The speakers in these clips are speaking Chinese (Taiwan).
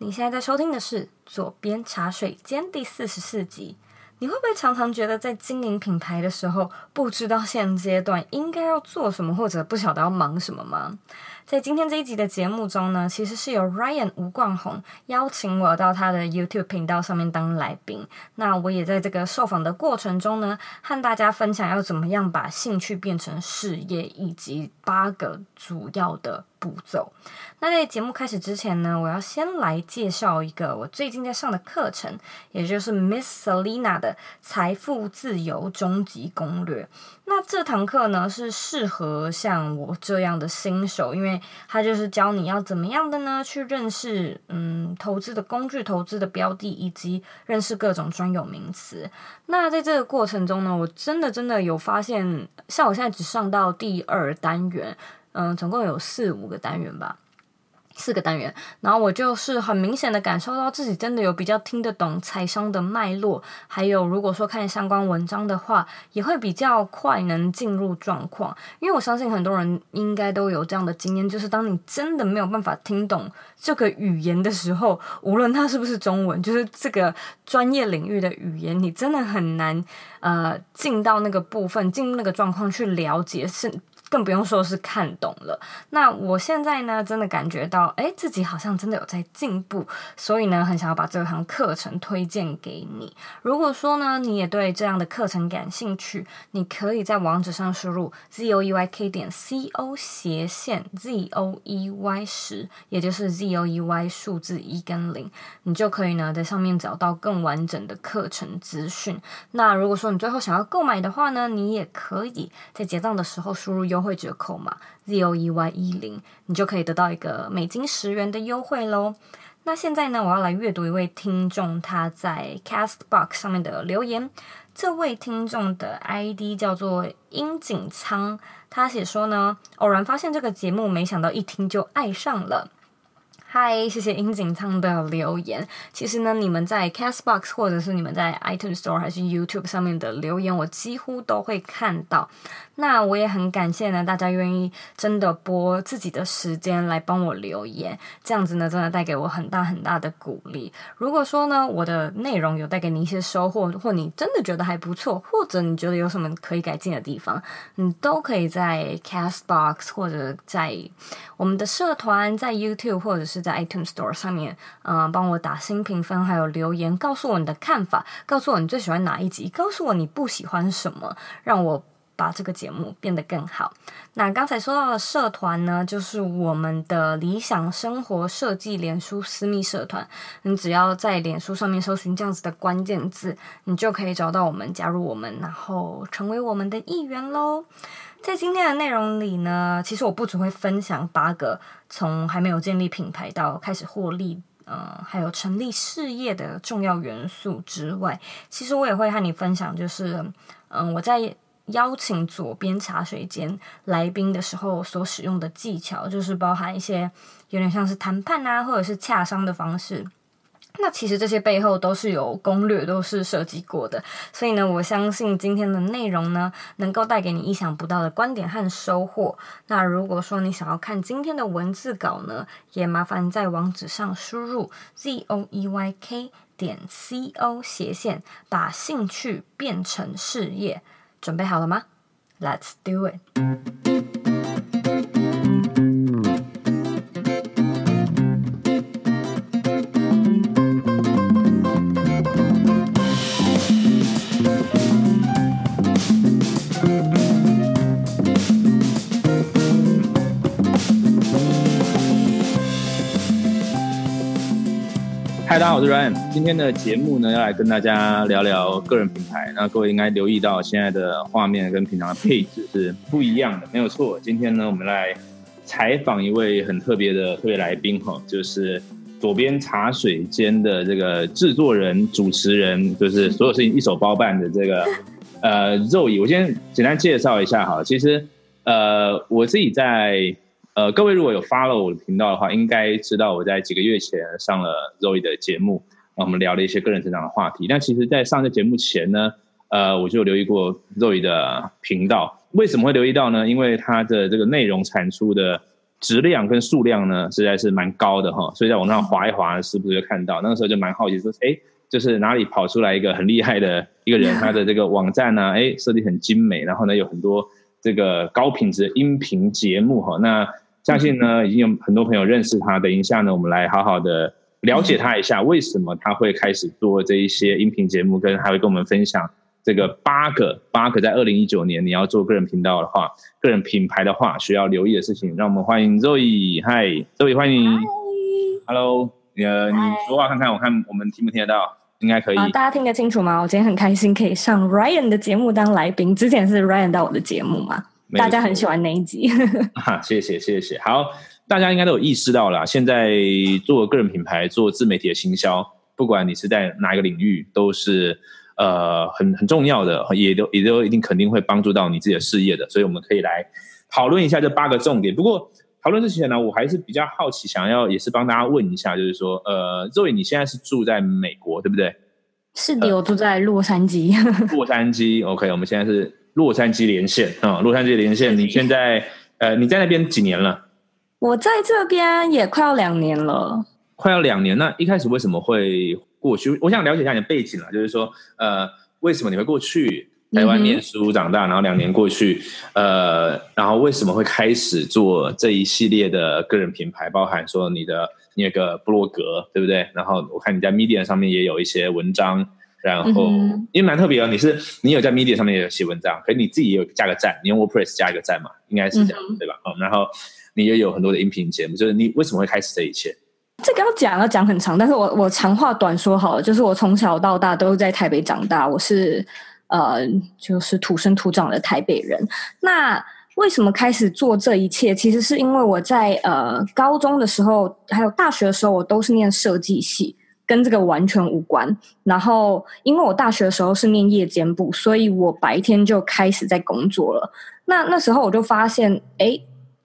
你現在在收聽的是《佐編茶水間》第四十四集。你會不會常常覺得在經營品牌的時候，不知道現階段應該要做什麼，或者不曉得要忙什麼嗎？在今天這一集的節目中呢，其實是由 Ryan 吳冠宏邀請我到他的 YouTube 頻道上面當來賓。那我也在這個受訪的過程中呢，和大家分享要怎麼樣把興趣變成事業，以及八個主要的。步驟。那在節目開始之前呢，我要先來介紹一個我最近在上的課程，也就是 Miss Selina 的《財富自由終極攻略》。那這堂課呢，是適合像我這樣的新手，因為它就是教你要怎麼樣的呢，去認識嗯投資的工具、投資的標的，以及認識各種專有名詞。那在這個過程中呢，我真的真的有發現，像我現在只上到第二單元。嗯，總共有四五個單元吧，四個單元。然後我就是很明顯的感受到自己真的有比較聽得懂財商的脈絡，還有如果說看相關文章的話，也會比較快能進入狀況。因為我相信很多人應該都有這樣的經驗，就是當你真的沒有辦法聽懂這個語言的時候，無論它是不是中文，就是這個專業領域的語言，你真的很難呃進到那個部分，進入那個狀況去了解是，更不用說是看懂了。那我現在呢，真的感覺到，哎，自己好像真的有在進步。所以呢，很想要把這堂課程推薦給你。如果說呢，你也對這樣的課程感興趣，你可以在網址上輸入 z o e y k 點 c o 斜線 z o e y 十，也就是 z o e y 數字一跟零，你就可以呢在上面找到更完整的課程資訊。那如果說你最後想要購買的話呢，你也可以在結賬的時候輸入優。優惠折扣嘛，z o e y 一零，你就可以得到一個美金十元的優惠咯。那現在呢，我要來閱讀一位聽眾他在 Castbox 上面的留言。這位聽眾的 ID 叫做殷景倉，他寫說呢，偶然發現這個節目，沒想到一聽就愛上了。嗨，謝謝英景昌的留言。其實呢，你們在 Castbox 或者是你們在 iTunes Store 還是 YouTube 上面的留言，我幾乎都會看到。那我也很感謝呢，大家願意真的撥自己的時間來幫我留言，這樣子呢，真的帶給我很大很大的鼓勵。如果說呢，我的內容有帶給你一些收穫，或你真的覺得還不錯，或者你覺得有什麼可以改進的地方，你都可以在 Castbox 或者在我們的社團，在 YouTube 或者是。在 iTunes Store 上面，嗯、呃，幫我打星評分，還有留言告訴我你的看法，告訴我你最喜歡哪一集，告訴我你不喜歡什麼，讓我把這個節目變得更好。那剛才說到的社團呢，就是我們的理想生活設計臉書私密社團，你只要在臉書上面搜尋這樣子的關鍵字，你就可以找到我們，加入我們，然後成為我們的一員嘍。在今天的內容裡呢，其實我不只會分享八個從還沒有建立品牌到開始獲利，嗯，還有成立事業的重要元素之外，其實我也會和你分享，就是嗯，我在邀請佐編茶水間來賓的時候所使用的技巧，就是包含一些有點像是談判啊，或者是洽商的方式。那其實這些背後都是有攻略，都是設計過的。所以呢，我相信今天的內容呢，能夠帶給你意想不到的觀點和收穫。那如果說你想要看今天的文字稿呢，也麻煩在網址上輸入 z o e y k 點 c o 斜線，把興趣變成事業。準備好了嗎？Let's do it。Hi, 大家好，我是 Ryan。今天的節目呢，要來跟大家聊聊個人品牌。那各位應該留意到現在的畫面跟平常的配置是不一樣的，沒有錯。今天呢，我們來採訪一位很特別的特別來賓哈，就是佐編茶水間的這個製作人、主持人，就是所有事情一手包辦的這個 呃 Zoey。我先簡單介紹一下哈，其實呃，我自己在。呃，各位如果有 follow 我的頻道的話，應該知道我在幾個月前上了 Zoey 的節目，那、嗯、我們聊了一些個人成長的話題。那其實，在上這節目前呢，呃，我就留意過 Zoey 的頻道。為什麼會留意到呢？因為他的這個內容產出的質量跟數量呢，實在是蠻高的哈。所以在網上劃一劃，時不時就看到。那個時候就蠻好奇，說，哎、欸，就是哪裡跑出來一個很厲害的一個人，他的這個網站呢、啊，哎、欸，設計很精美，然後呢，有很多這個高品質的音頻節目哈。那相信呢，已經有很多朋友認識他。等一下呢，我們來好好的了解他一下，為什麼他會開始做這一些音頻節目，跟還會跟我們分享這個八個八個在二零一九年你要做個人頻道的話，個人品牌的話需要留意的事情。讓我們歡迎 Zoey，嗨，Zoey，歡迎，嗨，Hello，你,、呃 Hi. 你說話看看，我看我們聽不聽得到，應該可以。啊、大家聽得清楚嗎？我今天很開心，可以上 Ryan 的節目當來賓。之前是 Ryan 到我的節目嗎？大家很喜歡哪一集？哈、 啊，謝謝謝謝。好，大家應該都有意識到了，現在做個人品牌、做自媒體的行銷，不管你是在哪一個領域，都是呃很很重要的，也都也都一定肯定會幫助到你自己的事業的。所以我們可以來討論一下這八個重點。不過討論之前呢，我還是比較好奇，想要也是幫大家問一下，就是說，呃，Zoey，你現在是住在美國，對不對？是的，呃、我住在洛杉磯。 洛杉磯，OK，我們現在是。洛杉磯連線啊、哦，洛杉磯連線，你現在 呃你在那邊幾年了？我在這邊也快要兩年了，快要兩年。那一開始為什麼會過去？我想了解一下你的背景啊，就是說呃為什麼你會過去？台灣念書長大，mm-hmm. 然後兩年過去，呃，然後為什麼會開始做這一系列的個人品牌？包含說你的那個部落格，對不對？然後我看你在 Medium 上面也有一些文章。然後，因為蠻特別哦，你是你有在 media 上面也有寫文章，可是你自己也有加個站，你用 WordPress 加一個站嘛，應該是這樣，嗯、對吧？嗯，然後你也有很多的音頻節目，就是你為什麼會開始這一切？這個要講要講很長，但是我我長話短說好了，就是我從小到大都是在台北長大，我是呃，就是土生土長的台北人。那為什麼開始做這一切？其實是因為我在呃高中的時候，還有大學的時候，我都是念設計系。跟這個完全無關。然後，因為我大學的時候是念夜間部，所以我白天就開始在工作了。那那時候我就發現，誒，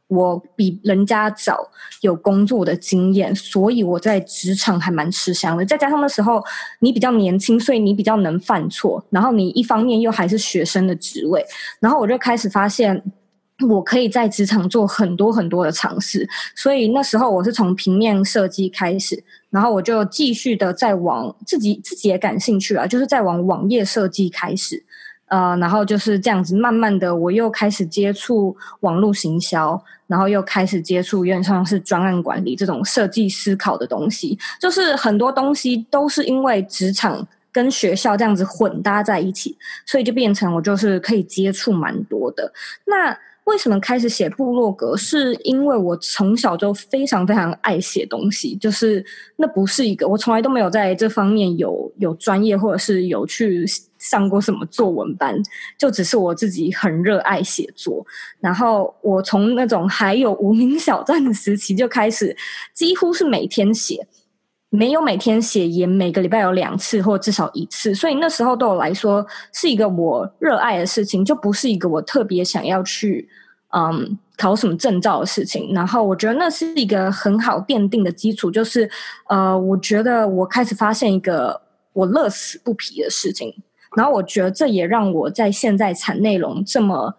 我比人家早有工作的經驗，所以我在職場還蠻吃香的。再加上那時候你比較年輕，所以你比較能犯錯。然後你一方面又還是學生的職位，然後我就開始發現。我可以在職場做很多很多的嘗試，所以那時候我是從平面設計開始，然後我就繼續的再往自己自己也感興趣啊，就是在往網頁設計開始，呃，然後就是這樣子慢慢的，我又開始接觸網絡行銷，然後又開始接觸有點像是專案管理這種設計思考的東西，就是很多東西都是因為職場跟學校這樣子混搭在一起，所以就變成我就是可以接觸蠻多的那。為什麼開始寫部落格？是因為我從小就非常非常愛寫東西，就是那不是一個，我從來都沒有在這方面有有專業，或者是有去上過什麼作文班，就只是我自己很熱愛寫作。然後我從那種還有無名小站的時期就開始，幾乎是每天寫。沒有每天寫，也每個禮拜有兩次，或至少一次。所以那時候對我來說是一個我熱愛的事情，就不是一個我特別想要去嗯考什麼證照的事情。然後我覺得那是一個很好奠定的基礎，就是呃，我覺得我開始發現一個我樂此不疲的事情。然後我覺得這也讓我在現在產內容這麼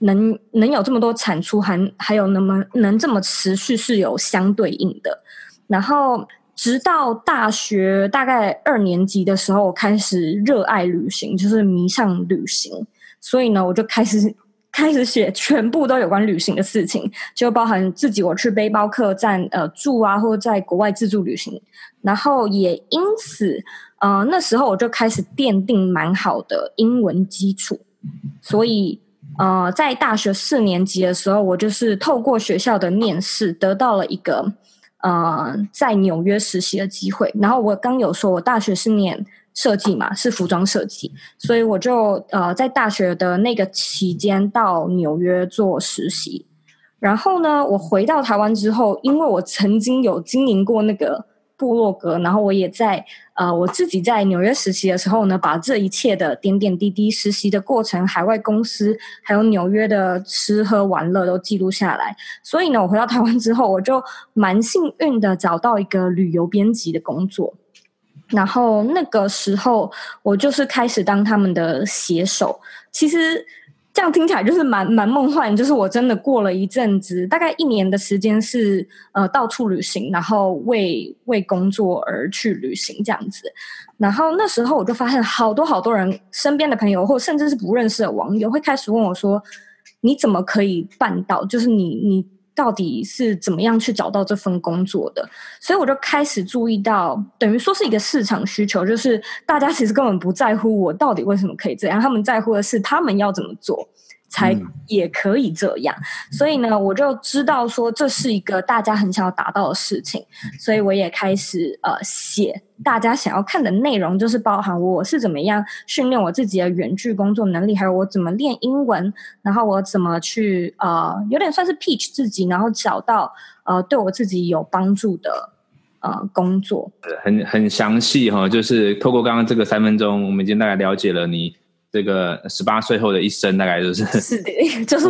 能能有這麼多產出，還還有那麼能這麼持續是有相對應的。然後，直到大學大概二年級的時候，我開始熱愛旅行，就是迷上旅行，所以呢，我就開始開始寫全部都有關旅行的事情，就包含自己我去背包客棧呃住啊，或在國外自助旅行，然後也因此呃那時候我就開始奠定蠻好的英文基礎，所以呃在大學四年級的時候，我就是透過學校的面試得到了一個。呃，在紐約實習的機會。然後我剛有說，我大學是念設計嘛，是服裝設計，所以我就呃在大學的那個期間到紐約做實習。然後呢，我回到台灣之後，因為我曾經有經營過那個。部落格，然後我也在呃，我自己在紐約實習的時候呢，把這一切的點點滴滴、實習的過程、海外公司，還有紐約的吃喝玩樂都記錄下來。所以呢，我回到台灣之後，我就蠻幸運的找到一個旅遊編輯的工作，然後那個時候我就是開始當他們的寫手。其實。這樣聽起來就是蠻蠻夢幻，就是我真的過了一陣子，大概一年的時間是呃到處旅行，然後為為工作而去旅行這樣子。然後那時候我就發現好多好多人身邊的朋友，或甚至是不認識的網友，會開始問我說：“你怎麼可以辦到？就是你你。”到底是怎麼樣去找到這份工作的？所以我就開始注意到，等於說是一個市場需求，就是大家其實根本不在乎我到底為什麼可以這樣，他們在乎的是他們要怎麼做。才也可以這樣，嗯，所以呢，我就知道說這是一個大家很想要達到的事情，所以我也開始呃寫大家想要看的內容，就是包含我是怎麼樣訓練我自己的遠距工作能力，還有我怎麼練英文，然後我怎麼去呃有點算是 pitch 自己，然後找到呃對我自己有幫助的呃工作，很很詳細哈。哦，就是透過剛剛這個三分鐘，我們已經大概了解了你。這個十八歲後的一生大概就是，是的，就是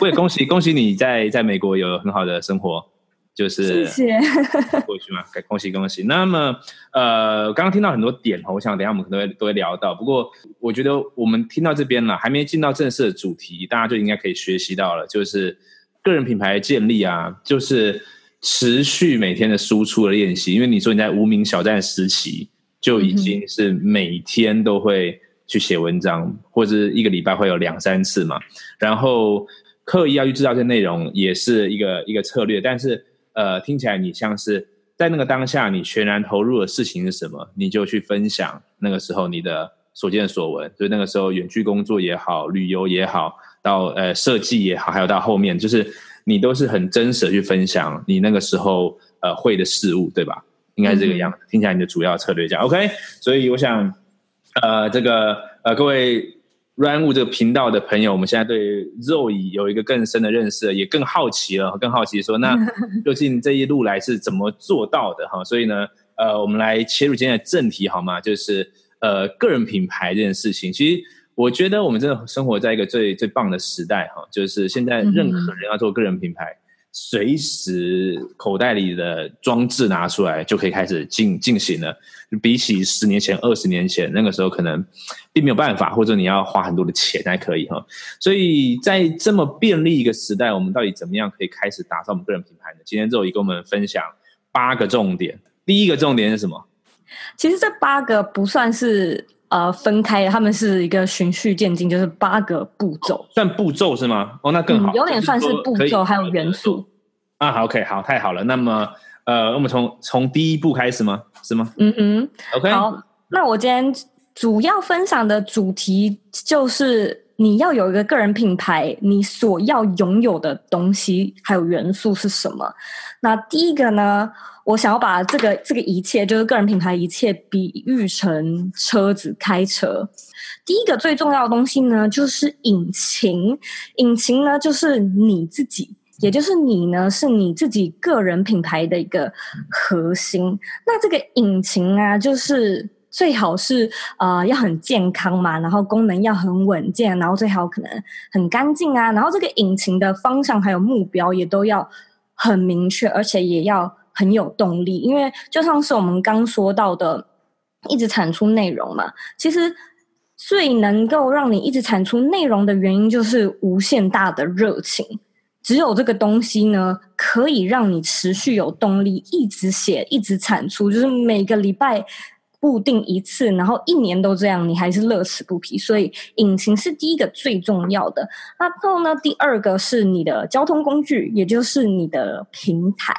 會 恭喜恭喜，你在在美國有很好的生活，就是謝謝過去嘛，恭喜恭喜。那麼呃，剛剛聽到很多點，我想等下我們可能會都會聊到。不過我覺得我們聽到這邊了，還沒進到正式的主題，大家就應該可以學習到了，就是個人品牌建立啊，就是持續每天的輸出的練習。因為你說你在無名小站時期就已經是每天都會。嗯去寫文章，或是一個禮拜會有兩三次嘛。然後刻意要去製造這些內容，也是一個一個策略。但是，呃，聽起來你像是在那個當下，你全然投入的事情是什麼？你就去分享那個時候你的所見所聞。所以那個時候，遠距工作也好，旅遊也好，到呃設計也好，還有到後面，就是你都是很真實的去分享你那個時候呃會的事物，對吧？應該是這個樣子。嗯、聽起來你的主要策略這樣。OK，所以我想。呃，這個呃，各位 Run u 這個頻道的朋友，我們現在對肉 o 有一個更深的認識，也更好奇了，更好奇說，那究竟這一路來是怎麼做到的哈？ 所以呢，呃，我們來切入今天的正題好嗎？就是呃，個人品牌這件事情，其實我覺得我們真的生活在一個最最棒的時代哈、啊，就是現在任何人要做個人品牌。嗯嗯隨時口袋裡的裝置拿出來就可以開始進進行了，比起十年前、二十年前那個時候，可能並沒有辦法，或者你要花很多的錢才可以哈。所以在這麼便利一個時代，我們到底怎麼樣可以開始打造我們個人品牌呢？今天 Zoey 跟我們分享八個重點，第一個重點是什麼？其實這八個不算是。呃，分開，他們是一個循序漸進，就是八個步驟，哦。算步驟是嗎？哦，那更好，嗯、有點算是步驟，還有元素。啊，好，OK，好，太好了。那麼，呃，我們從從第一步開始嗎？是嗎？嗯嗯，OK、嗯。好，那我今天主要分享的主題就是你要有一個個人品牌，你所要擁有的東西還有元素是什麼？那第一個呢？我想要把這個這個一切，就是個人品牌一切，比喻成車子開車。第一個最重要的東西呢，就是引擎。引擎呢，就是你自己，也就是你呢，是你自己個人品牌的一個核心。那這個引擎啊，就是最好是啊、呃，要很健康嘛，然後功能要很穩健，然後最好可能很乾淨啊。然後這個引擎的方向還有目標也都要很明確，而且也要。很有動力，因為就像是我們剛說到的，一直產出內容嘛。其實最能夠讓你一直產出內容的原因，就是無限大的熱情。只有這個東西呢，可以讓你持續有動力，一直寫，一直產出，就是每個禮拜。固定一次，然後一年都這樣，你還是樂此不疲。所以，引擎是第一個最重要的。那最後呢，第二個是你的交通工具，也就是你的平台。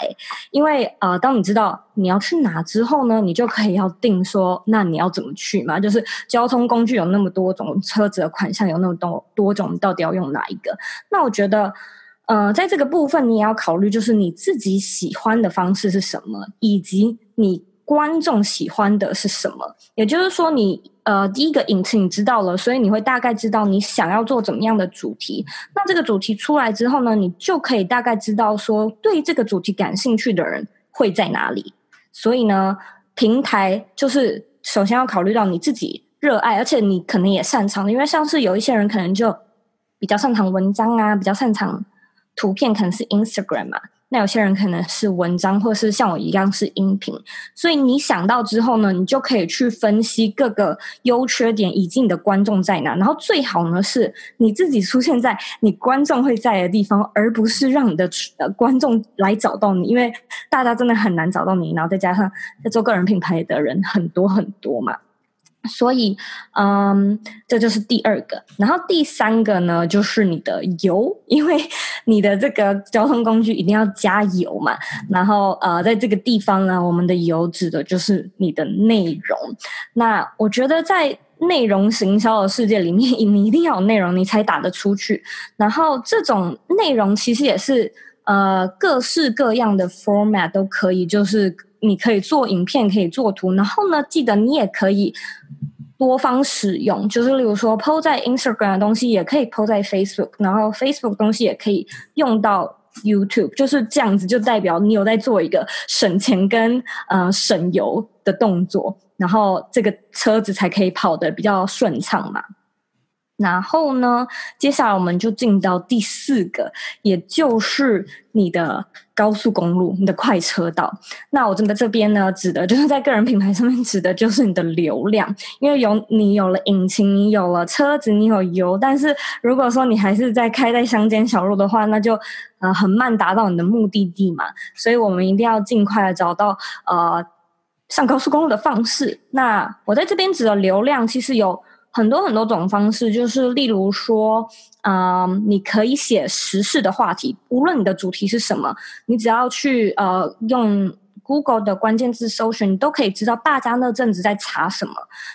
因為呃，當你知道你要去哪之後呢，你就可以要定說，那你要怎麼去嘛？就是交通工具有那麼多種，車子的款項有那麼多多種，你到底要用哪一個？那我覺得，呃，在這個部分你也要考慮，就是你自己喜歡的方式是什麼，以及你。觀眾喜歡的是什麼？也就是說你，你呃，第一個引擎你知道了，所以你會大概知道你想要做怎麼樣的主題。那這個主題出來之後呢，你就可以大概知道說，對這個主題感興趣的人會在哪裡。所以呢，平台就是首先要考慮到你自己熱愛，而且你可能也擅長，因為像是有一些人可能就比較擅長文章啊，比較擅長圖片，可能是 Instagram 嘛、啊。那有些人可能是文章，或是像我一樣是音頻，所以你想到之後呢，你就可以去分析各個優缺點，以及你的觀眾在哪。然後最好呢，是你自己出現在你觀眾會在的地方，而不是讓你的呃觀眾來找到你，因為大家真的很難找到你。然後再加上在做個人品牌的人很多很多嘛。所以，嗯，這就是第二個。然後第三個呢，就是你的油，因為你的這個交通工具一定要加油嘛。嗯。然後，呃，在這個地方呢，我們的油指的就是你的內容。那我覺得，在內容行銷的世界裡面，你一定要有內容，你才打得出去。然後，這種內容其實也是呃，各式各樣的 format 都可以，就是。你可以做影片，可以做圖，然後呢，記得你也可以多方使用，就是例如說，PO 在 Instagram 的東西也可以 PO 在 Facebook，然後 Facebook 的東西也可以用到 YouTube，就是這樣子，就代表你有在做一個省錢跟呃省油的動作，然後這個車子才可以跑得比較順暢嘛。然後呢，接下來我們就進到第四個，也就是你的。高速公路，你的快車道。那我在這邊呢，指的就是在個人品牌上面，指的就是你的流量。因為有你有了引擎，你有了車子，你有油。但是如果說你還是在開在鄉間小路的話，那就呃很慢達到你的目的地嘛。所以我們一定要盡快找到呃上高速公路的方式。那我在這邊指的流量，其實有。很多很多種方式，就是例如說，嗯、呃，你可以寫時事的話題，無論你的主題是什麼，你只要去呃用 Google 的關鍵字搜尋，你都可以知道大家那陣子在查什麼。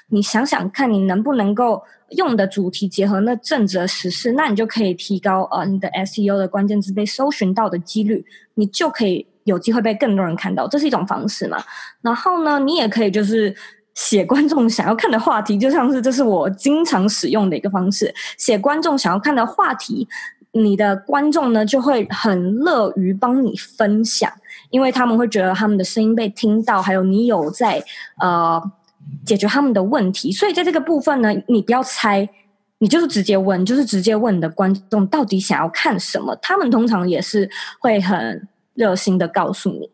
你想想看，你能不能夠用你的主題結合那陣子的時事，那你就可以提高呃你的 SEO 的關鍵字被搜尋到的幾率，你就可以有機會被更多人看到，這是一種方式嘛。然後呢，你也可以就是。寫觀眾想要看的話題，就像是這是我經常使用的一個方式。寫觀眾想要看的話題，你的觀眾呢就會很樂於幫你分享，因為他們會覺得他們的聲音被聽到，還有你有在呃解決他們的問題。所以在這個部分呢，你不要猜，你就是直接問，就是直接問你的觀眾到底想要看什麼，他們通常也是會很熱心的告訴你。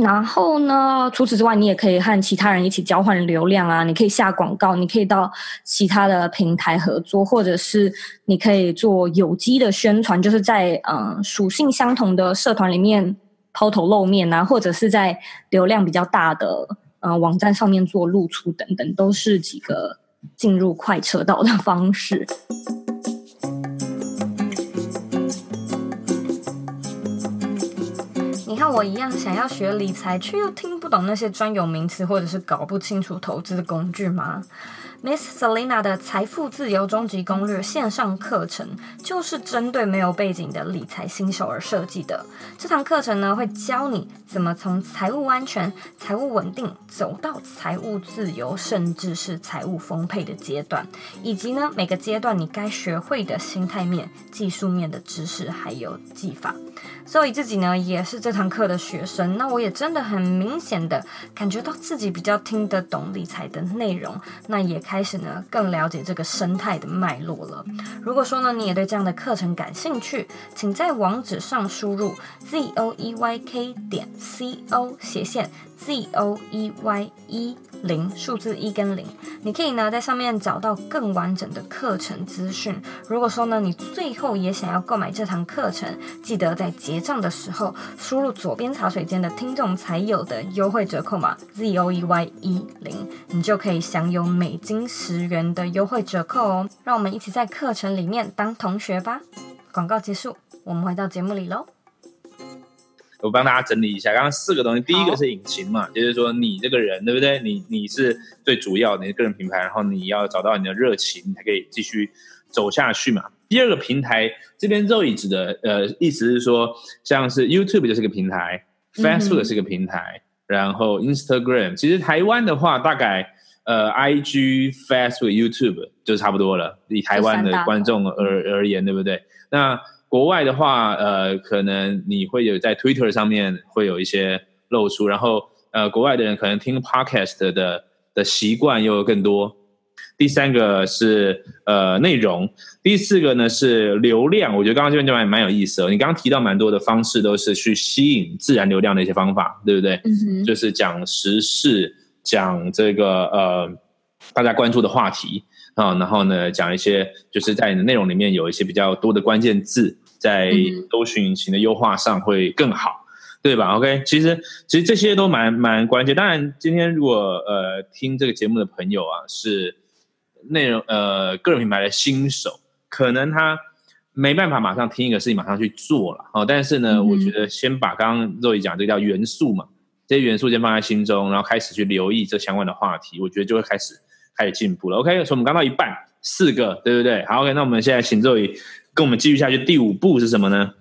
然後呢，除此之外，你也可以和其他人一起交換流量啊，你可以下廣告，你可以到其他的平台合作，或者是你可以做有機的宣傳，就是在嗯、呃、屬性相同的社團裡面拋頭露面啊，或者是在流量比較大的嗯、呃、網站上面做露出等等，都是幾個進入快車道的方式。我一樣想要學理財，卻又聽不懂那些專有名詞，或者是搞不清楚投資的工具嗎？Miss Selena 的財富自由終極攻略線上課程，就是針對沒有背景的理財新手而設計的。這堂課程呢，會教你怎麼從財務安全、財務穩定走到財務自由，甚至是財務豐沛的階段，以及呢每個階段你該學會的心態面、技術面的知識，還有技法。所以自己呢，也是這堂課的學生，那我也真的很明顯的感覺到自己比較聽得懂理財的內容，那也開始呢，更了解這個生態的脈絡了。如果說呢，你也對這樣的課程感興趣，請在網址上輸入 z o e y k 點 c o 斜線 z o e y 1零數字一跟零，你可以呢在上面找到更完整的課程資訊。如果說呢，你最後也想要購買這堂課程，記得在結賬的時候輸入佐編茶水間的聽眾才有的優惠折扣碼 z o e y 1零，你就可以享有美金十元的優惠折扣哦！讓我們一起在課程裡面當同學吧。廣告結束，我們回到節目裡嘍。我幫大家整理一下，剛剛四個東西，第一個是引擎嘛，就是說你這個人對不對？你你是最主要，你的個人品牌，然後你要找到你的熱情，你才可以繼續走下去嘛。第二個平台這邊肉椅指的呃，意思是說像是 YouTube 就是個平台、嗯、，Facebook 是個平台，然後 Instagram，其實台灣的話大概。呃，I G、IG, Facebook、YouTube 就差不多了，以台灣的觀眾而而言、嗯、而言，對不對？那國外的話，呃，可能你會有在 Twitter 上面會有一些露出，然後呃，國外的人可能聽 Podcast 的的習慣又更多。第三個是呃內容，第四個呢是流量。我覺得剛剛這邊就還蠻有意思哦。你剛剛提到蠻多的方式，都是去吸引自然流量的一些方法，對不對？嗯哼、就是講時事。講這個呃，大家關注的話題啊、哦，然後呢，講一些就是在你的內容裡面有一些比較多的關鍵字，在多訊引擎的優化上會更好，對吧？OK，其實其實這些都蠻蠻關鍵。當然，今天如果呃聽這個節目的朋友啊，是內容呃個人品牌的新手，可能他沒辦法馬上聽一個事情馬上去做了哦。但是呢、嗯，我覺得先把剛剛 Zoey 講的這個叫元素嘛。這些元素先放在心中，然後開始去留意這相關的話題，我覺得就會開始開始進步了。OK，從我們剛到一半，四個，對不對？好，OK，那我們現在請這位跟我們繼續下去，第五步是什麼呢？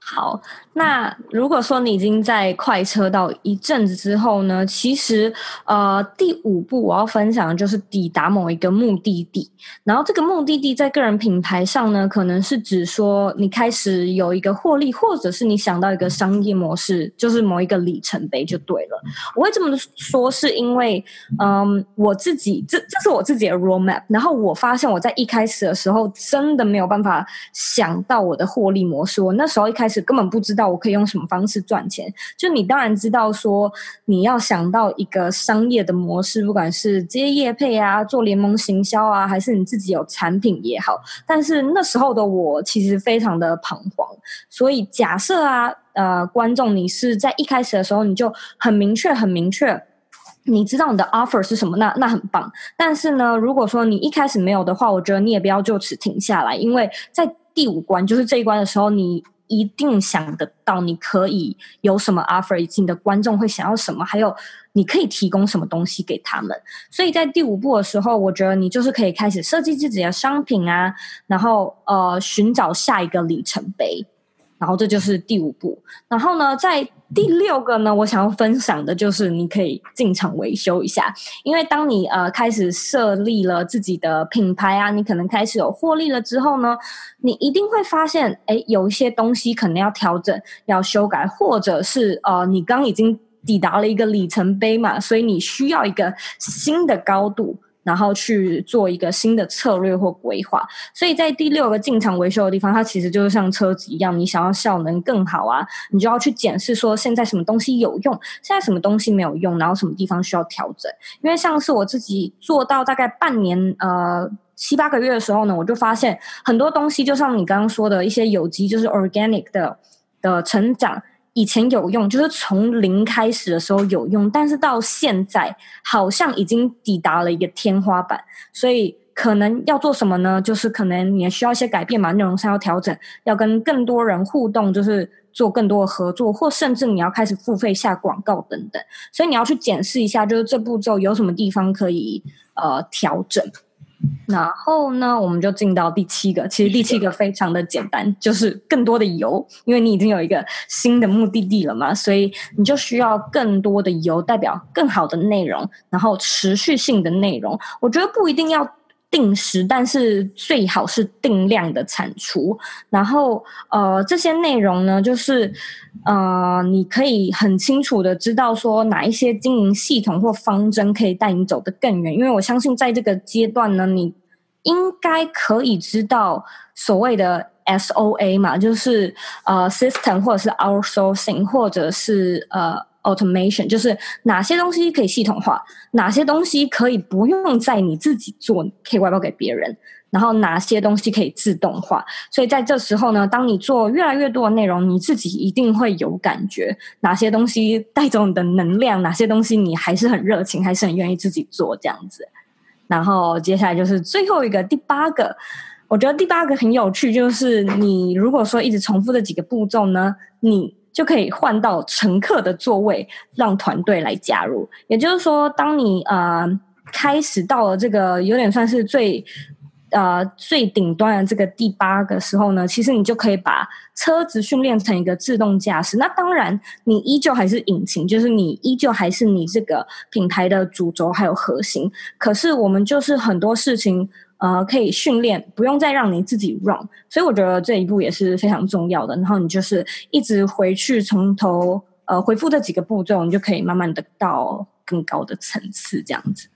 好。那如果說你已經在快車道一陣子之後呢，其實呃第五步我要分享的就是抵達某一個目的地，然後這個目的地在個人品牌上呢，可能是指說你開始有一個獲利，或者是你想到一個商業模式，就是某一個里程碑就對了。我會這麼說是因為，嗯，我自己這這是我自己的 road map，然後我發現我在一開始的時候真的沒有辦法想到我的獲利模式，我那時候一開始根本不知道。我可以用什麼方式賺錢？就你當然知道說，說你要想到一個商業的模式，不管是接業配啊，做聯盟行銷啊，還是你自己有產品也好。但是那時候的我其實非常的彷徨。所以假設啊，呃，觀眾你是在一開始的時候你就很明確，很明確，你知道你的 offer 是什麼，那那很棒。但是呢，如果說你一開始沒有的話，我覺得你也不要就此停下來，因為在第五關就是這一關的時候，你。一定想得到，你可以有什麼 offer，以及你的觀眾會想要什麼，還有你可以提供什麼東西給他們。所以在第五步的時候，我覺得你就是可以開始設計自己的商品啊，然後呃尋找下一個里程碑。然後這就是第五步。然後呢，在第六個呢，我想要分享的就是，你可以進場維修一下。因為當你呃開始設立了自己的品牌啊，你可能開始有獲利了之後呢，你一定會發現，哎，有一些東西可能要調整、要修改，或者是呃，你剛已經抵達了一個里程碑嘛，所以你需要一個新的高度。然後去做一個新的策略或規劃，所以在第六個進廠維修的地方，它其實就是像車子一樣，你想要效能更好啊，你就要去檢視說現在什麼東西有用，現在什麼東西沒有用，然後什麼地方需要調整。因為像是我自己做到大概半年呃七八個月的時候呢，我就發現很多東西，就像你剛剛說的一些有機就是 organic 的的成長。以前有用，就是從零開始的時候有用，但是到現在好像已經抵達了一個天花板，所以可能要做什麼呢？就是可能你需要一些改變嘛，內容上要調整，要跟更多人互動，就是做更多的合作，或甚至你要開始付費下廣告，等等。所以你要去檢視一下，就是這步驟有什麼地方可以呃調整。然後呢，我們就進到第七個。其實第七個非常的簡單，就是更多的油，因為你已經有一個新的目的地了嘛，所以你就需要更多的油，代表更好的內容，然後持續性的內容。我覺得不一定要定時，但是最好是定量的產出。然後，呃，這些內容呢，就是呃，你可以很清楚的知道說哪一些經營系統或方針可以帶你走得更遠。因為我相信，在這個階段呢，你應該可以知道所謂的 SOA 嘛，就是呃，system 或者是 outsourcing 或者是呃。Automation 就是哪些東西可以系統化，哪些東西可以不用在你自己做，可以外包給別人，然後哪些東西可以自動化。所以在這時候呢，當你做越來越多的內容，你自己一定會有感覺，哪些東西帶走你的能量，哪些東西你還是很熱情，還是很願意自己做這樣子。然後接下來就是最後一個，第八個，我覺得第八個很有趣，就是你如果說一直重複這幾個步驟呢，你，就可以換到乘客的座位，讓團隊來加入。也就是說，當你呃開始到了這個有點算是最呃最頂端的這個第八個時候呢，其實你就可以把車子訓練成一個自動駕駛。那當然，你依舊還是引擎，就是你依舊還是你這個品牌的主軸還有核心。可是我們就是很多事情。呃，可以訓練，不用再讓你自己 run，所以我覺得這一步也是非常重要的。然後你就是一直回去從頭呃回復這幾個步驟，你就可以慢慢的到更高的層次這樣子。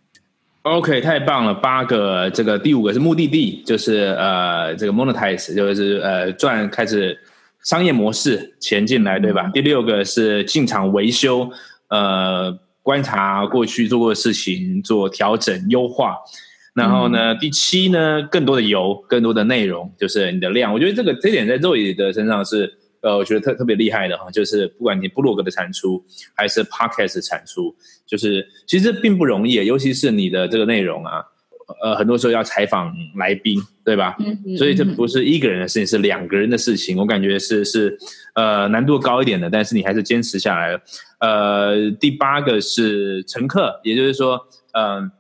OK，太棒了！八個，這個第五個是目的地，就是呃這個 monetize，就是呃賺開始商業模式錢進來，對吧？第六個是進廠維修，呃觀察過去做過的事情，做調整優化。然後呢，第七呢，更多的油，更多的內容，就是你的量。我覺得這個這點在 Zoey 的身上是，呃，我覺得特特別厲害的哈。就是不管你部落格的產出，還是 podcast 的產出，就是其實並不容易，尤其是你的這個內容啊，呃，很多時候要採訪來賓，對吧？嗯嗯、所以這不是一個人的事情，是兩個人的事情。我感覺是是呃難度高一點的，但是你還是堅持下來了。呃，第八個是乘客，也就是說，嗯、呃。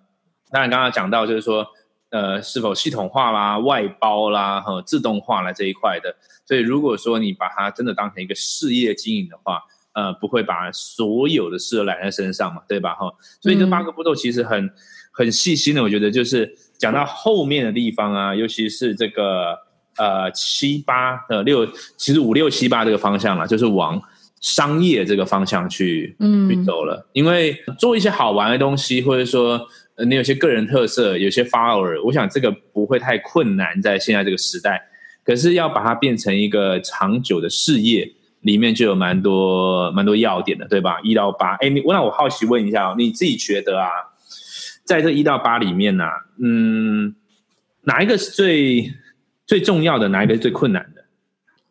當然，剛剛講到就是說，呃，是否系統化啦、外包啦、自動化啦這一塊的。所以，如果說你把它真的當成一個事業經營的話，呃，不會把所有的事都攬在身上嘛，對吧？哈。所以這八個步驟其實很、嗯、很細心的，我覺得就是講到後面的地方啊，尤其是這個呃七八呃六，其實五六七八這個方向啦，就是往商業這個方向去嗯去走了。因為做一些好玩的東西，或者說。呃，你有些個人特色，有些 follower，我想這個不會太困難，在現在這個時代，可是要把它變成一個長久的事業，裡面就有蠻多蠻多要點的，對吧？一到八，哎，你，那我好奇問一下，你自己覺得啊，在這一到八裡面呢、啊，嗯，哪一個是最最重要的？哪一個是最困難的？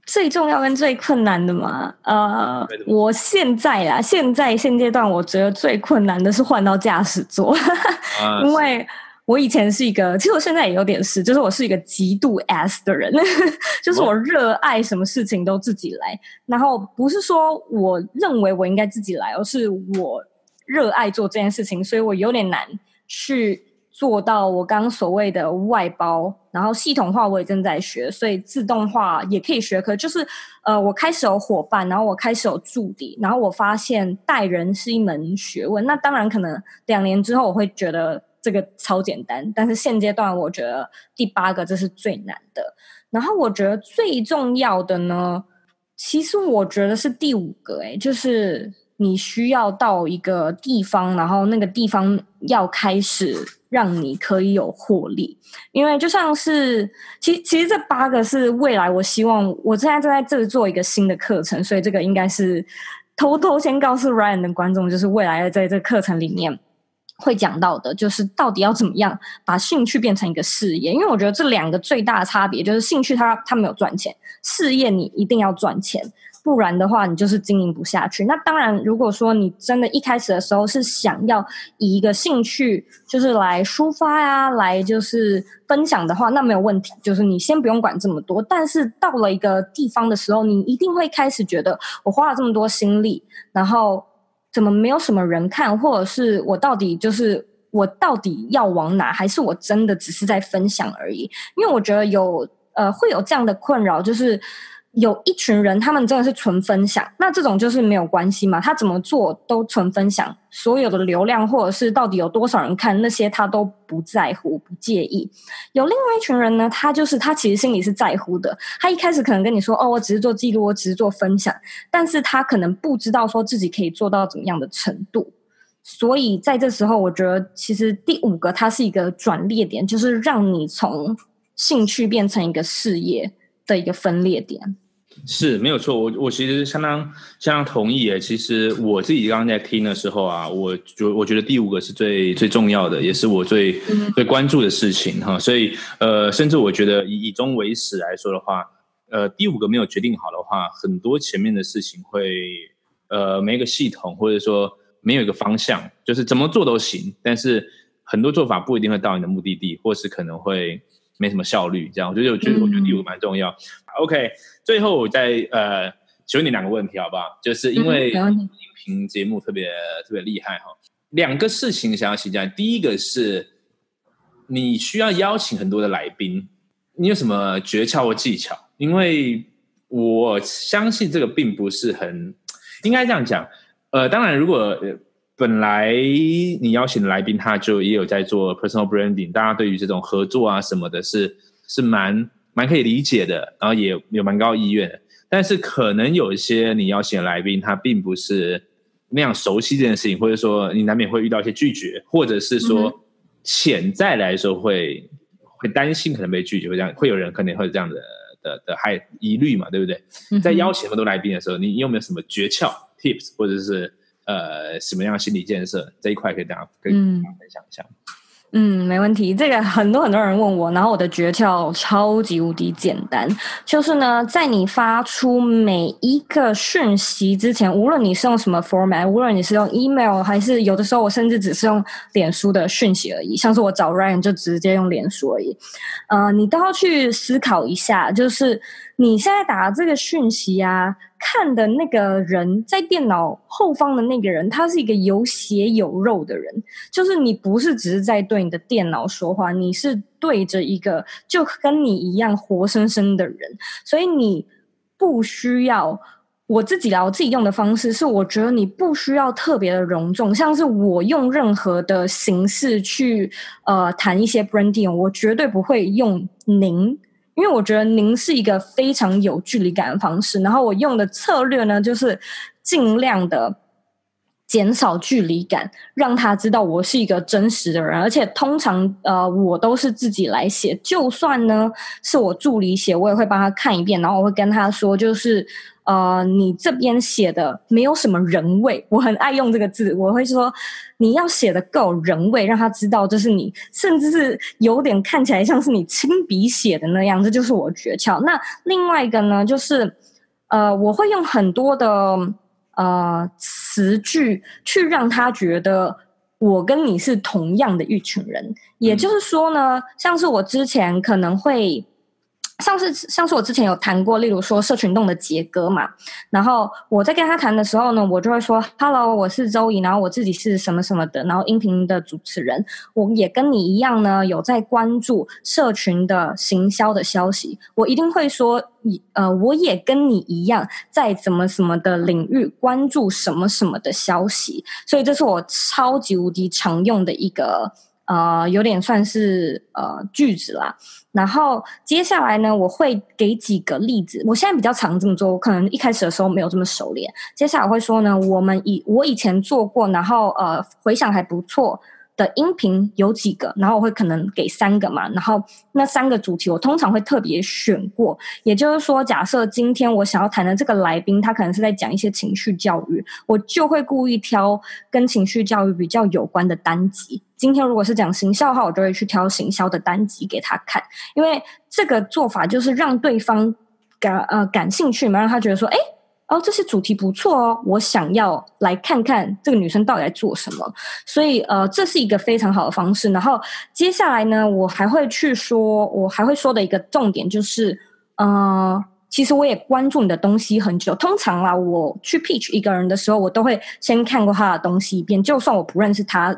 最重要跟最困難的嘛，呃、uh, right.，我現在啦，現在現階段我覺得最困難的是換到駕駛座， uh, 因為我以前是一個，其實我現在也有點事，就是我是一個極度 S 的人， 就是我熱愛什麼事情都自己來，What? 然後不是說我認為我應該自己來，而是我熱愛做這件事情，所以我有點難去做到我剛剛所謂的外包，然後系統化我也正在學，所以自動化也可以學。可就是，呃，我開始有夥伴，然後我開始有助理，然後我發現帶人是一門學問。那當然可能兩年之後我會覺得這個超簡單，但是現階段我覺得第八個這是最難的。然後我覺得最重要的呢，其實我覺得是第五個，哎，就是。你需要到一個地方，然後那個地方要開始讓你可以有獲利，因為就像是，其實其實這八個是未來，我希望我現在正在製作做一個新的課程，所以這個應該是偷偷先告訴 Ryan 的觀眾，就是未來在這個課程裡面會講到的，就是到底要怎麼樣把興趣變成一個事業，因為我覺得這兩個最大差別就是興趣它，它它沒有賺錢，事業你一定要賺錢。不然的話，你就是經營不下去。那當然，如果說你真的一開始的時候是想要以一個興趣就是來抒發呀、啊，來就是分享的話，那沒有問題，就是你先不用管這麼多。但是到了一個地方的時候，你一定會開始覺得，我花了這麼多心力，然後怎麼沒有什麼人看，或者是我到底就是我到底要往哪，還是我真的只是在分享而已？因為我覺得有呃會有這樣的困擾，就是。有一群人，他們真的是純分享，那這種就是沒有關係嘛，他怎麼做都純分享，所有的流量或者是到底有多少人看，那些他都不在乎、不介意。有另外一群人呢，他就是他其實心裡是在乎的，他一開始可能跟你說：“哦，我只是做記錄，我只是做分享。”，但是他可能不知道說自己可以做到怎麼樣的程度。所以在這時候，我覺得其實第五個它是一個轉捩點，就是讓你從興趣變成一個事業的一個分裂點。是沒有錯，我我其實相當相當同意誒。其實我自己剛剛在聽的時候啊，我就我覺得第五個是最最重要的，也是我最最關注的事情哈。所以呃，甚至我覺得以以終為始來說的話，呃，第五個沒有決定好的話，很多前面的事情會呃沒個系統或者說沒有一個方向，就是怎麼做都行，但是很多做法不一定會到你的目的地，或是可能會。沒什麼效率，這樣我覺得我覺得我覺得第五蠻重要，嗯。OK，最後我再呃，請問你兩個問題好不好？就是因為音頻節目特別特別厲害哈。兩個事情想要請教，第一個是你需要邀請很多的來賓，你有什麼訣竅或技巧？因為我相信這個並不是很應該這樣講。呃，當然如果。本來你邀請的來賓，他就也有在做 personal branding，大家對於這種合作啊什麼的，是是蠻蠻可以理解的，然後也有蠻高意願的。但是可能有一些你邀請的來賓，他並不是那樣熟悉這件事情，或者說你難免會遇到一些拒絕，或者是說潛在來說會會擔心可能被拒絕，會這樣，會有人可能會這樣的的的還疑慮嘛，對不對？在邀請很多來賓的時候，你有沒有什麼訣竅 tips 或者是？呃，什麼樣的心理建設這一塊可以，可以大家可以分享一下？嗯，沒問題。這個很多很多人問我，然後我的訣竅超級無敵簡單，就是呢，在你發出每一個訊息之前，無論你是用什麼 format，無論你是用 email，還是有的時候我甚至只是用臉書的訊息而已，像是我找 Ryan 就直接用臉書而已。呃，你都要去思考一下，就是你現在打的這個訊息啊。看的那個人，在電腦後方的那個人，他是一個有血有肉的人，就是你不是只是在對你的電腦說話，你是對着一個就跟你一樣活生生的人，所以你不需要我自己聊自己用的方式，是我覺得你不需要特別的隆重，像是我用任何的形式去呃談一些 branding，我絕對不會用您。因為我覺得您是一個非常有距離感的方式，然後我用的策略呢，就是盡量的，減少距離感，讓他知道我是一個真實的人，而且通常呃，我都是自己來寫，就算呢是我助理寫，我也會幫他看一遍，然後我會跟他說，就是呃，你這邊寫的沒有什麼人味，我很愛用這個字，我會說你要寫得夠人味，讓他知道這是你，甚至是有點看起來像是你親筆寫的那樣，這就是我的訣竅。那另外一個呢，就是呃，我會用很多的。呃，詞句去讓他覺得我跟你是同樣的一群人。也就是說呢，嗯、像是我之前可能會。上次上次我之前有談過，例如說社群洞的傑哥嘛，然後我在跟他談的時候呢，我就會說，Hello，我是 Zoey，然後我自己是什麼什麼的，然後音頻的主持人，我也跟你一樣呢，有在關注社群的行銷的消息，我一定會說，呃，我也跟你一樣，在怎麼什麼的領域關注什麼什麼的消息，所以這是我超級無敵常用的一個，呃，有點算是呃句子啦。然後接下來呢，我會給幾個例子。我現在比較常這麼做，我可能一開始的時候沒有這麼熟練。接下來我會說呢，我們以我以前做過，然後呃，回響還不錯，的音頻有幾個，然後我會可能給三個嘛，然後那三個主題我通常會特別選過。也就是說，假設今天我想要談的這個來賓，他可能是在講一些情緒教育，我就會故意挑跟情緒教育比較有關的單集。今天如果是講行銷的話，我就會去挑行銷的單集給他看，因為這個做法就是讓對方感，呃感興趣嘛，讓他覺得說，誒。然後，哦，然後這些主題不錯哦，我想要來看看這個女生到底在做什麼，所以呃，這是一個非常好的方式。然後接下來呢，我還會去說，我還會說的一個重點就是，嗯，呃，其實我也關注你的東西很久。通常啊，我去 pitch 一個人的時候，我都會先看過他的東西一遍，就算我不認識他。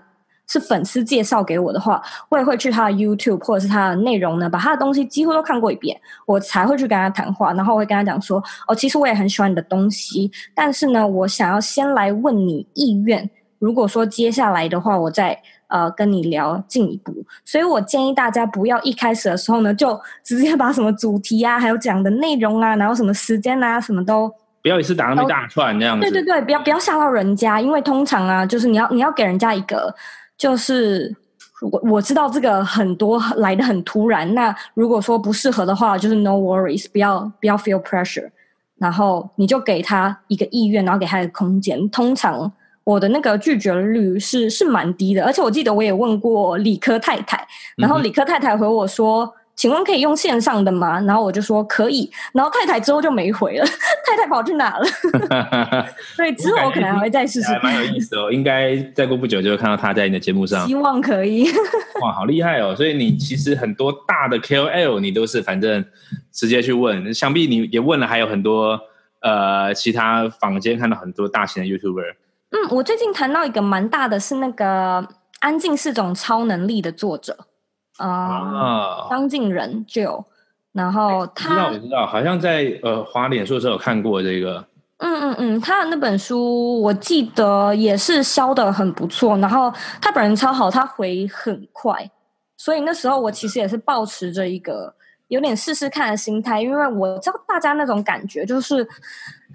是粉絲介紹給我的話，我也會去他的 YouTube 或者是他的內容呢，把他的東西幾乎都看過一遍，我才會去跟他談話，然後我會跟他講說哦，其實我也很喜歡你的東西，但是呢，我想要先來問你意願，如果說接下來的話，我再呃跟你聊進一步。所以我建議大家不要一開始的時候呢，就直接把什麼主題啊，還有講的內容啊，然後什麼時間啊，什麼都不要一次打那麼大串這樣子。對對對，不要不要嚇到人家，因為通常啊，就是你要你要給人家一個。就是，我我知道這個很多來得很突然。那如果說不適合的話，就是 no worries，不要不要 feel pressure。然後你就給他一個意願，然後給他一個空間。通常我的那個拒絕率是是蠻低的，而且我記得我也問過理科太太，然後理科太太回我說。嗯請問可以用線上的嗎？然後我就說可以，然後太太之後就沒回了。太太跑去哪了？ 所以之後我可能還會再試試。還蠻有意思哦，應該再過不久就會看到他在你的節目上。希望可以。 哇，好厲害哦！所以你其實很多大的 KOL 你都是反正直接去問，想必你也問了，還有很多呃其他坊間看到很多大型的 YouTuber。嗯，我最近談到一個蠻大的是那個《安靜是種超能力》的作者。啊，張晉仁就有，然後他知道，我知道，好像在呃，華臉書的時候有看過這個。嗯嗯嗯，他的那本書我記得也是銷得很不錯，然後他本人超好，他回很快，所以那時候我其實也是抱持著一個有點試試看的心態，因為我知道大家那種感覺就是，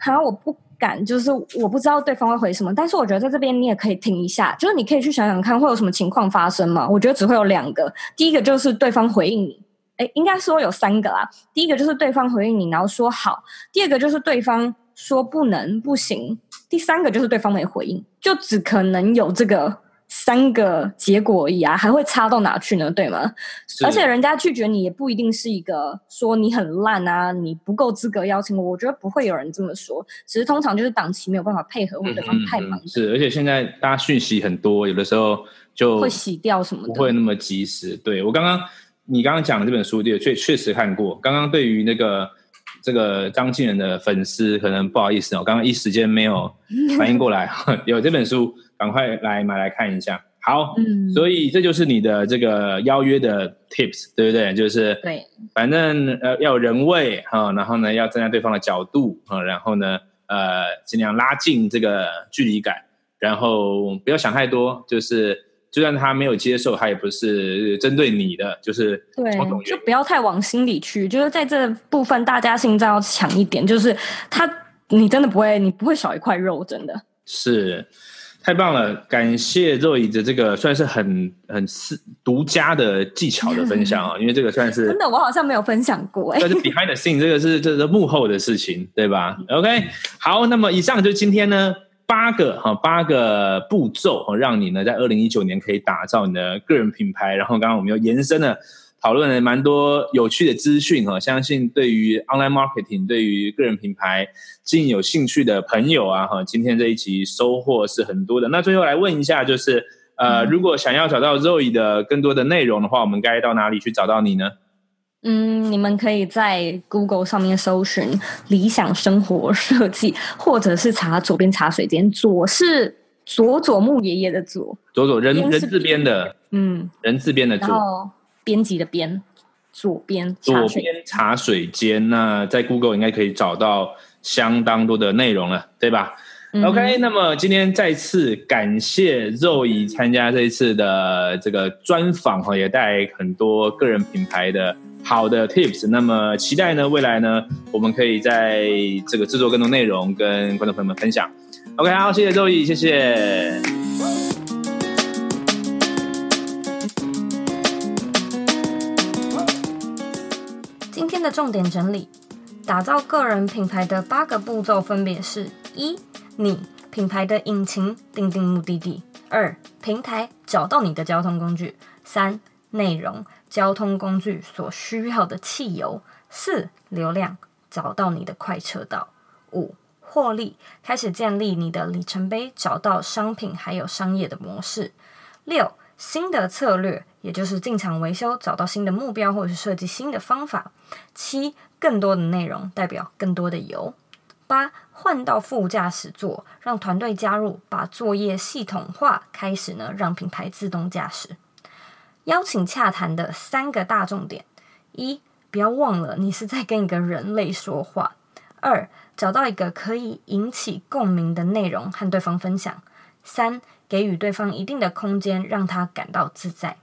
好像我不。感就是我不知道對方會回什麼，但是我覺得在這邊你也可以聽一下，就是你可以去想想看會有什麼情況發生嘛。我覺得只會有兩個，第一個就是對方回應你，欸，應該說有三個啦。第一個就是對方回應你，然後說好；第二個就是對方說不能、不行；第三個就是對方沒回應，就只可能有這個三個結果而已啊，還會差到哪去呢？對嗎？而且人家拒絕你也不一定是一個說你很爛啊，你不夠資格邀請我。我覺得不會有人這麼說，只是通常就是檔期沒有辦法配合我的，或對方太忙。是，而且現在大家訊息很多，有的時候就會洗掉什麼的，不會那麼及時。對，我剛剛你剛剛講的這本書，對，確確實看過。剛剛對於那個這個張敬仁的粉絲，可能不好意思，我剛剛一時間沒有反應過來， 有這本書。趕快來買來看一下，好，嗯，所以這就是你的這個邀約的 tips，對不對？就是對，反正呃要有人味、哦、然後呢要站在對方的角度啊、哦，然後呢呃、盡量拉近這個距離感，然後不要想太多，就是就算他沒有接受，他也不是針對你的，就是對，就不要太往心裡去，就是在這部分大家心臟要強一點，就是他你真的不會你不會少一塊肉，真的是。太棒了，感謝 Zoey 的這個算是很很私獨家的技巧的分享啊、嗯，因為這個算是真的，我好像沒有分享過、欸，哎，這是 behind the scene，這個是這、就是、幕後的事情，對吧？OK、嗯、好，那麼以上就是今天呢八個哈八個步驟，讓你呢在二零一九年可以打造你的個人品牌，然後剛剛我們又延伸了。討論了蠻多有趣的資訊哈，相信對於 online marketing 對於個人品牌經營有興趣的朋友啊哈，今天這一期收穫是很多的。那最後來問一下，就是呃、嗯，如果想要找到 Zoey 的更多的內容的話，我們該到哪裡去找到你呢？嗯，你們可以在 Google 上面搜尋“理想生活設計”，或者是查“佐編茶水間”，佐是佐佐木爺爺的佐，佐佐人人，人字邊的，嗯，人字邊的佐。編輯的編，佐編，佐編茶水間。那在 Google 應該可以找到相當多的內容了，對吧？嗯。OK，那麼今天再次感謝 Zoey 參加這一次的這個專訪哈，也帶很多個人品牌的好的 tips。那麼期待呢，未來呢，我們可以在這個製作更多內容，跟觀眾朋友們分享。OK，好，謝謝 Zoey，謝謝。重點整理，打造個人品牌的八個步驟分別是：一、你品牌的引擎，訂定目的地；二、平台，找到你的交通工具；三、內容，交通工具所需要的汽油；四、流量，找到你的快車道；五、獲利，開始建立你的里程碑，找到商品還有商業的模式；六、新的策略。也就是進場維修，找到新的目標，或者是設計新的方法。七，更多的內容代表更多的油。八，換到副駕駛座，讓團隊加入，把作業系統化，開始呢，讓品牌自動駕駛。邀請洽談的三個大重點：一，不要忘了你是在跟一個人類說話；二，找到一個可以引起共鳴的內容和對方分享；三，給予對方一定的空間，讓他感到自在。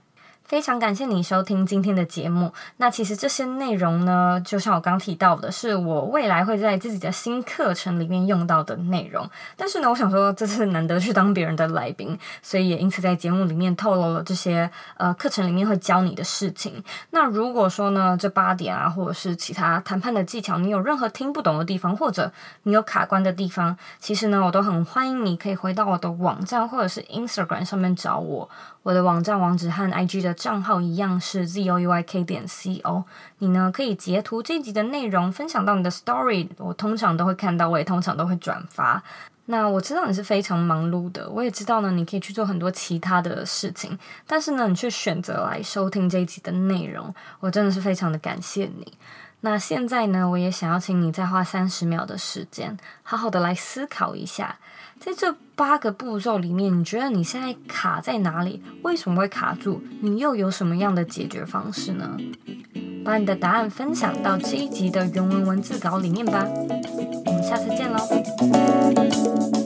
非常感謝你收聽今天的節目。那其實這些內容呢，就像我剛提到的，是我未來會在自己的新課程裡面用到的內容。但是呢，我想說這次難得去當別人的來賓，所以也因此在節目裡面透露了這些呃課程裡面會教你的事情。那如果說呢，這八點啊，或者是其他談判的技巧，你有任何聽不懂的地方，或者你有卡關的地方，其實呢，我都很歡迎你可以回到我的網站或者是 Instagram 上面找我。我的網站網址和 IG 的賬號一樣是 zouyk 點 co，你呢，可以截圖這一集的內容分享到你的 story，我通常都會看到，我也通常都會轉發。那我知道你是非常忙碌的，我也知道呢，你可以去做很多其他的事情，但是呢，你卻選擇來收聽這一集的內容，我真的是非常的感謝你。那現在呢，我也想要請你再花三十秒的時間，好好的來思考一下。在這八個步驟裡面，你覺得你現在卡在哪裡？為什麼會卡住？你又有什麼樣的解決方式呢？把你的答案分享到這一集的原文文字稿裡面吧。我們下次見嘍！